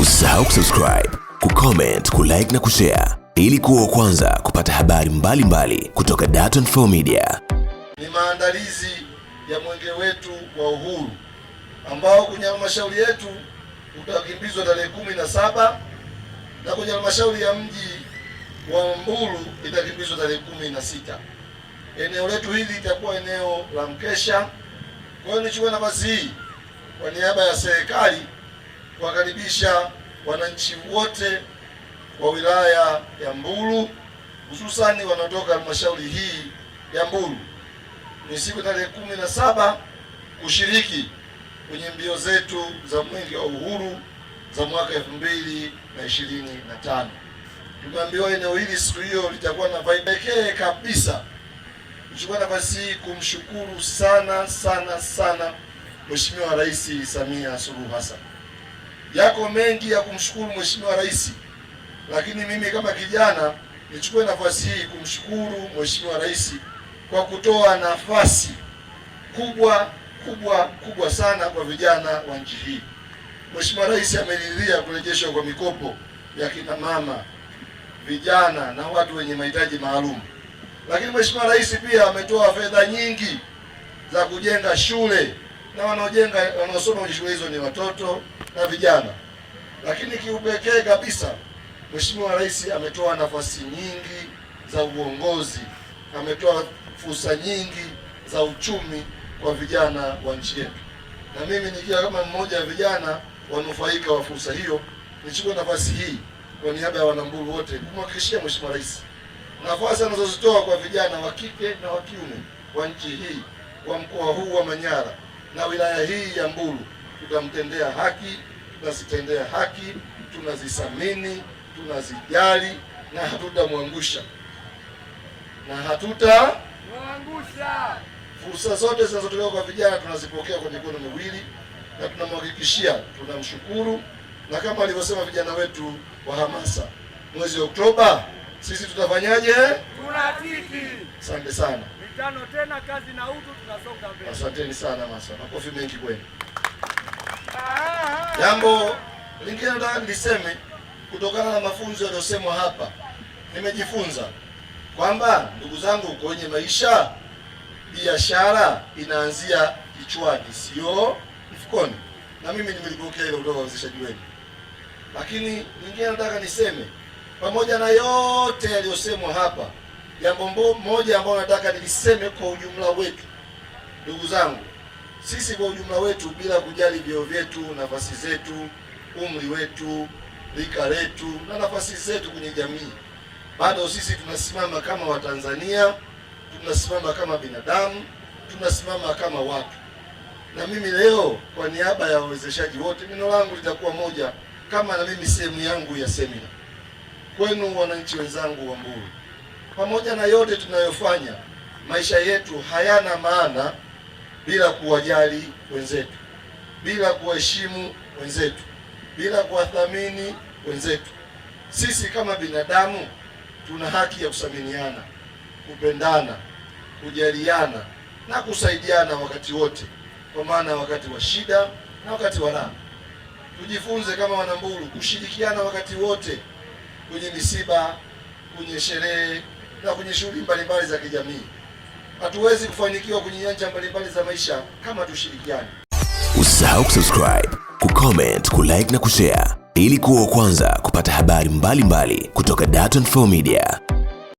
Usisahau kusubscribe, kucomment, kulike na kushare ili kuwa kwanza kupata habari mbalimbali mbali kutoka Dar24 Media. Ni maandalizi ya mwenge wetu wa uhuru ambao kwenye halmashauri yetu utakimbizwa tarehe kumi na saba na kwenye halmashauri ya mji wa Mbulu itakimbizwa tarehe kumi na sita. Eneo letu hili litakuwa eneo la mkesha. Kwa hiyo nichukue nafasi hii kwa niaba ya serikali kuwakaribisha wananchi wote wa wilaya ya Mbulu, hususani wanaotoka halmashauri hii ya Mbulu ni siku tarehe kumi na saba kushiriki kwenye mbio zetu za mwenge wa uhuru za mwaka elfu mbili na ishirini na tano. Tumeambiwa eneo hili siku hiyo litakuwa na vibe pekee kabisa. Nichukua nafasi hii kumshukuru sana sana sana Mheshimiwa Rais Samia Suluhu Hassan yako mengi ya kumshukuru Mheshimiwa Rais, lakini mimi kama kijana nichukue nafasi hii kumshukuru Mheshimiwa Rais kwa kutoa nafasi kubwa kubwa kubwa sana kwa vijana wa nchi hii. Mheshimiwa Rais ameridhia kurejeshwa kwa mikopo ya kina mama, vijana na watu wenye mahitaji maalum, lakini Mheshimiwa Rais pia ametoa fedha nyingi za kujenga shule na wanaojenga wanaosoma kwenye shule hizo ni watoto na vijana. Lakini kiupekee kabisa, Mheshimiwa Rais ametoa nafasi nyingi za uongozi, ametoa fursa nyingi za uchumi kwa vijana wa nchi yetu, na mimi nikiwa kama mmoja wa vijana wanufaika wa fursa hiyo, nichukue nafasi hii kwa niaba ya wanamburu wote kumhakikishia Mheshimiwa Rais nafasi anazozitoa kwa vijana wa kike na wa kiume wa nchi hii, wa mkoa huu wa Manyara na wilaya hii ya Mbulu tutamtendea haki, tunazitendea haki, tunazisamini, tunazijali na hatutamwangusha na hatutamwangusha. Fursa zote zinazotolewa kwa vijana tunazipokea kwa mikono miwili na tunamhakikishia tunamshukuru, na kama alivyosema vijana wetu wa hamasa, mwezi wa Oktoba sisi tutafanyaje? Tunatiki. Asante sana. Tano tena, kazi na utu, tunasonga mbele. Asanteni sana masa, makofi mengi kwenu. Ah, ah. Jambo lingine nataka niliseme kutokana na mafunzo yaliyosemwa hapa, nimejifunza kwamba ndugu zangu, kwenye maisha biashara inaanzia kichwani, sio mfukoni, na mimi nimelipokea hilo kutoka wawezeshaji wenu. Lakini lingine nataka niseme, pamoja na yote yaliyosemwa hapa jambo moja ambayo nataka niliseme kwa ujumla wetu, ndugu zangu, sisi kwa ujumla wetu, bila kujali vyeo vyetu, nafasi zetu, umri wetu, rika letu na nafasi zetu kwenye jamii, bado sisi tunasimama kama Watanzania, tunasimama kama binadamu, tunasimama kama watu. Na mimi leo kwa niaba ya wawezeshaji wote, neno langu litakuwa moja, kama na mimi sehemu yangu ya semina kwenu, wananchi wenzangu wa Mbulu pamoja na yote tunayofanya, maisha yetu hayana maana bila kuwajali wenzetu, bila kuwaheshimu wenzetu, bila kuwathamini wenzetu. Sisi kama binadamu tuna haki ya kusaminiana, kupendana, kujaliana na kusaidiana wakati wote, kwa maana wakati wa shida na wakati wa raha. Tujifunze kama Wanambulu kushirikiana wakati wote, kwenye misiba, kwenye sherehe na kwenye shughuli mbalimbali za kijamii. Hatuwezi kufanikiwa kwenye nyanja mbalimbali za maisha kama tushirikiani. Usisahau kusubscribe, kucomment, kulike na kushare ili kuwa wa kwanza kupata habari mbalimbali mbali kutoka Dar24 Media.